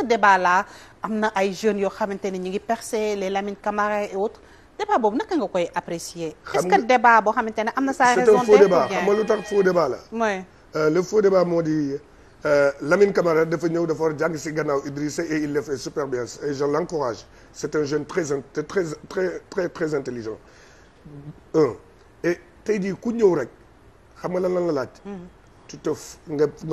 ce débat là am na ay jeunes yoo xamante ne ñu ngi percé les Lamine Camara et autres débat boobu naka nga koy apprécier est que débat boo xamante ne am na sa raison c'est un faux débat la oui euh, le faux débat moo di euh, Lamine Camara dafa ñëw dafa war jàng si gannaaw Idrissa et il le fait super bien et je l'encourage c'est un jeune très très très très très intelligent et tey jii ku ñëw rek xam la laaj mm. tu te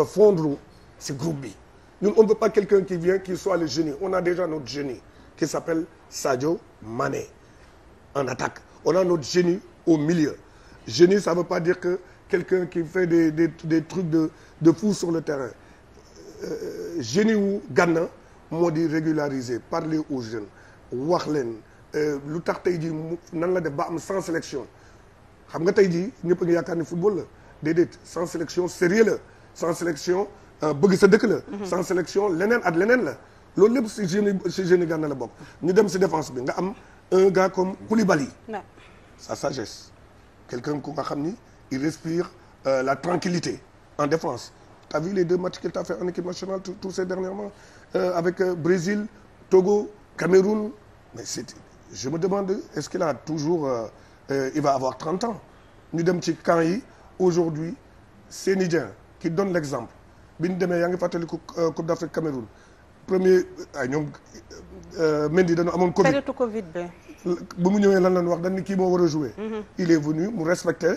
fondre si groupe bi ñun on ne veut pas quelqu'un qui vient qui soit le génie on a déjà notre génie qui s'appelle Sadio Mané en attaque on a notre génie au milieu génie ça veut pas dire que quelqu'un qui fait des des des trucs de de fou sur le terrain euh, génie wu Gana moo di régulariser parler aux jeunes wax leen euh, lu tax tey jii nan la def ba am sans sélection xam nga tey jii ñëpp a ngi yaakaar ni football la déedéet sans sélection sérieux sans sélection Euh, bëgg sa dëkk la sans sélection leneen ak leneen la loolu lépp si jeune si jeune la bokk ñu dem si défense bi nga am un gars comme Koulibaly sa sagesse quelqu'un ku nga xam ni il respire euh, la tranquillité en défense t'as vu les deux matchs qu'il t'a fait en équipe nationale tous ces dernièrement euh, avec euh, Brésil Togo Cameroun je me demande est-ce qu'il a toujours il va avoir 30 ans ñu dem ci camp yi aujourd'hui Seny Dieng qui donne l'exemple bi ñu demee yaa ngi fàttaliku euh, Coupe d'Afrique Cameroun premier ay ñoom euh, Mendy dañu amoon Covid période Covid mu ñëwee lan lan wax dañ ni kii moo war a jouer mhm. il est venu mu respecté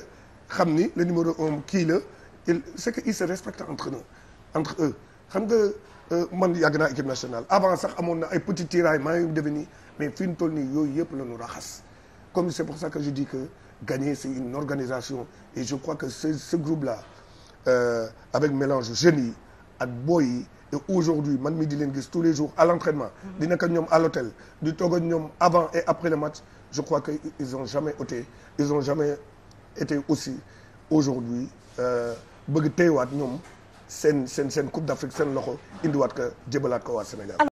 xam ni le numéro un kii la il c'est que il se respecte entre eux xam nga euh, man yàgg naa équipe nationale avant sax amoon na ay petit tiraay maa ngi defe nii mais fi mu toll nii yooyu yëpp la ñu raxas comme c'est pour ça que je dis que gagner c'est une organisation et je crois que ce ce la Euh, avec mélange jeunes yi ak boy yi et aujourd'hui man mi di leen gis tous les jours à l'entraînement mm-hmm. di nekk ak ñoom à l'hôtel di toog ak ñoom avant et après le match je crois que ils ont jamais été ils ont jamais été aussi aujourd'hui euh, bëgg teewaat ñoom seen seen seen Coupe d'Afrique seen loxo indiwaat ko jébalaat ko waat Sénégal